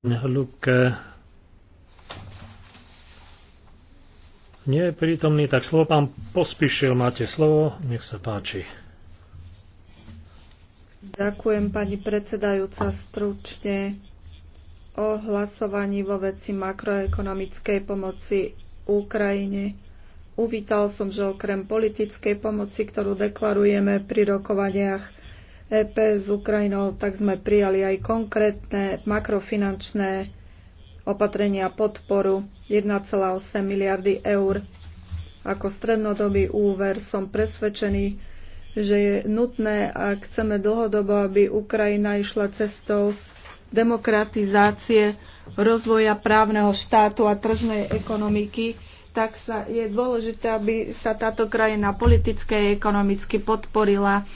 Luke nie je prítomný, tak slovo pán pospíšil, máte slovo, nech sa páči. Ďakujem, pani predsedajúca, stručne o hlasovaní vo veci makroekonomickej pomoci Ukrajine. Uvítal som, že okrem politickej pomoci, ktorú deklarujeme pri rokovaniach EP s Ukrajinou, tak sme prijali aj konkrétne makrofinančné opatrenia podporu 1,8 miliardy eur. Ako strednodobý úver som presvedčený, že je nutné, ak chceme dlhodobo, aby Ukrajina išla cestou demokratizácie, rozvoja právneho štátu a tržnej ekonomiky, tak sa, je dôležité, aby sa táto krajina politicky a ekonomicky podporila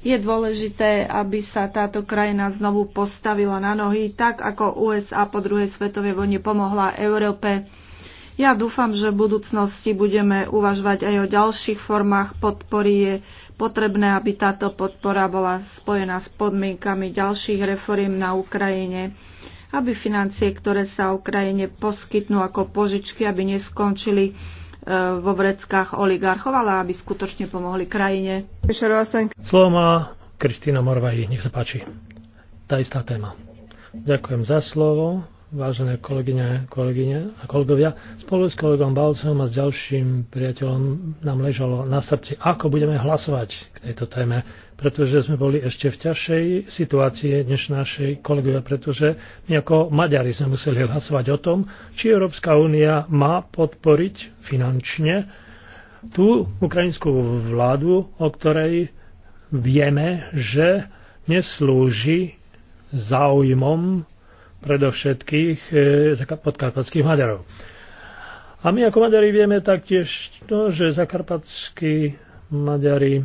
je dôležité, aby sa táto krajina znovu postavila na nohy, tak ako USA po druhej svetovej vojne pomohla Európe. Ja dúfam, že v budúcnosti budeme uvažovať aj o ďalších formách podpory. Je potrebné, aby táto podpora bola spojená s podmienkami ďalších reforiem na Ukrajine, aby financie, ktoré sa Ukrajine poskytnú ako požičky, aby neskončili E, vo vreckách oligarchov, ale aby skutočne pomohli krajine. Slovo má Kristýna Morvají, nech sa páči. Tá istá téma. Ďakujem za slovo vážené kolegyne, kolegyne a kolegovia. Spolu s kolegom Balcom a s ďalším priateľom nám ležalo na srdci, ako budeme hlasovať k tejto téme, pretože sme boli ešte v ťažšej situácii než našej kolegovia, pretože my ako Maďari sme museli hlasovať o tom, či Európska únia má podporiť finančne tú ukrajinskú vládu, o ktorej vieme, že neslúži záujmom predovšetkých e, podkarpatských Maďarov. A my ako Maďari vieme taktiež to, že zakarpatskí Maďari e,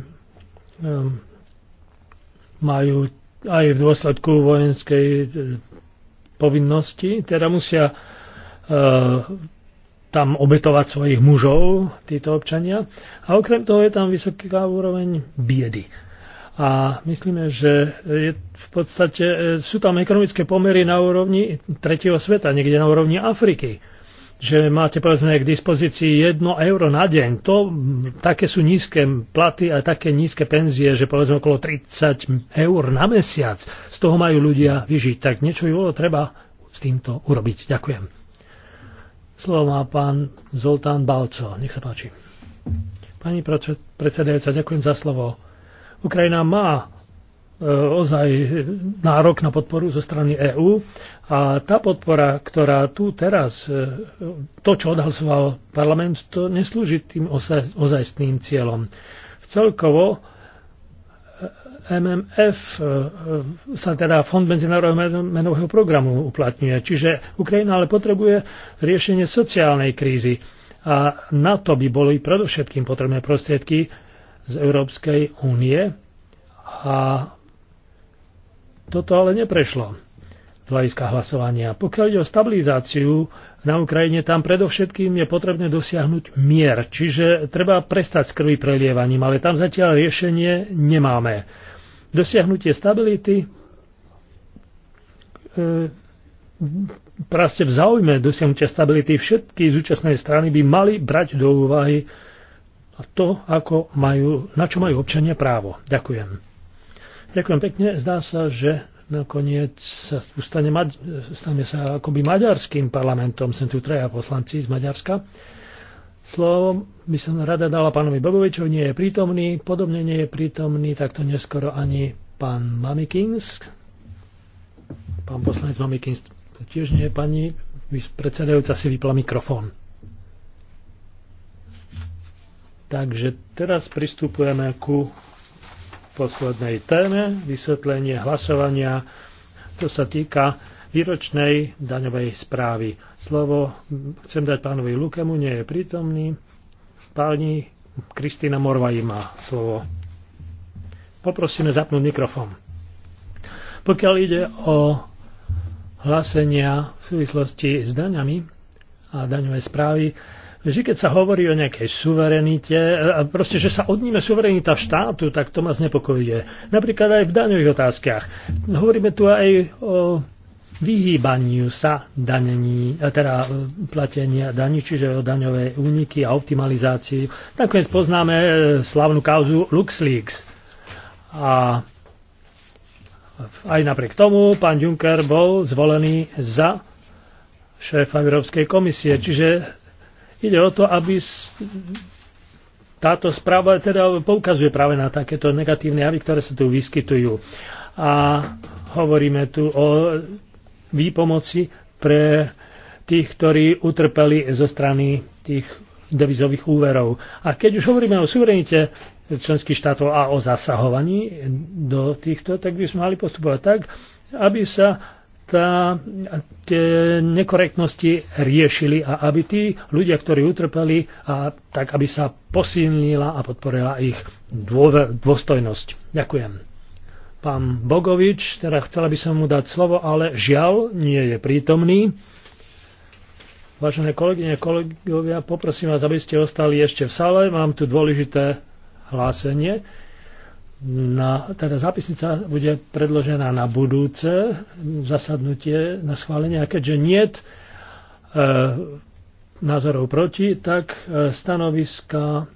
majú aj v dôsledku vojenskej e, povinnosti, teda musia tam obetovať svojich mužov, títo občania. A okrem toho je tam vysoká úroveň biedy. A myslíme, že je v podstate e, sú tam ekonomické pomery na úrovni tretieho sveta, niekde na úrovni Afriky. Že máte povedzme k dispozícii 1 euro na deň. To, také sú nízke platy a také nízke penzie, že povedzme okolo 30 eur na mesiac. Z toho majú ľudia vyžiť. Tak niečo by bolo treba s týmto urobiť. Ďakujem. Slovo má pán Zoltán Balco. Nech sa páči. Pani predsedajúca, ďakujem za slovo. Ukrajina má e, ozaj nárok na podporu zo strany EÚ a tá podpora, ktorá tu teraz, e, to, čo odhlasoval parlament, to neslúži tým ozajstným cieľom. Celkovo e, MMF sa teda Fond medzinárodného menového programu uplatňuje. Čiže Ukrajina ale potrebuje riešenie sociálnej krízy a na to by boli predovšetkým potrebné prostriedky z Európskej únie a toto ale neprešlo z hľadiska hlasovania. Pokiaľ ide o stabilizáciu na Ukrajine, tam predovšetkým je potrebné dosiahnuť mier, čiže treba prestať s krvi prelievaním, ale tam zatiaľ riešenie nemáme. Dosiahnutie stability e, v záujme dosiahnutia stability všetky zúčastné strany by mali brať do úvahy a to, ako majú, na čo majú občania právo. Ďakujem. Ďakujem pekne. Zdá sa, že nakoniec sa stane, stane sa akoby maďarským parlamentom. Sem tu traja poslanci z Maďarska. Slovo by som rada dala pánovi Bogovičovi, nie je prítomný, podobne nie je prítomný, takto neskoro ani pán Mamikins. Pán poslanec Mamikins tiež nie je pani, predsedajúca si vypla mikrofón. Takže teraz pristupujeme ku poslednej téme, vysvetlenie hlasovania. To sa týka výročnej daňovej správy. Slovo chcem dať pánovi Lukemu, nie je prítomný. Páni Kristýna Morvají má slovo. Poprosíme zapnúť mikrofón. Pokiaľ ide o hlasenia v súvislosti s daňami a daňové správy, že keď sa hovorí o nejakej suverenite, e, a proste, že sa odníme suverenita štátu, tak to ma znepokojuje. Napríklad aj v daňových otázkach. Hovoríme tu aj o vyhýbaniu sa danení, e, teda e, platenia daní, čiže o daňové úniky a optimalizácii. Nakoniec poznáme slavnú kauzu LuxLeaks. A aj napriek tomu pán Juncker bol zvolený za šéfa Európskej komisie. Čiže Ide o to, aby táto správa teda poukazuje práve na takéto negatívne javy, ktoré sa tu vyskytujú. A hovoríme tu o výpomoci pre tých, ktorí utrpeli zo strany tých devizových úverov. A keď už hovoríme o suverenite členských štátov a o zasahovaní do týchto, tak by sme mali postupovať tak, aby sa tá, tie nekorektnosti riešili a aby tí ľudia, ktorí utrpeli, a, tak aby sa posilnila a podporila ich dôver, dôstojnosť. Ďakujem. Pán Bogovič, teda chcela by som mu dať slovo, ale žiaľ nie je prítomný. Vážené kolegyne, kolegovia, poprosím vás, aby ste ostali ešte v sále. Mám tu dôležité hlásenie na, teda zápisnica bude predložená na budúce zasadnutie na schválenie a keďže niet e, názorov proti, tak e, stanoviska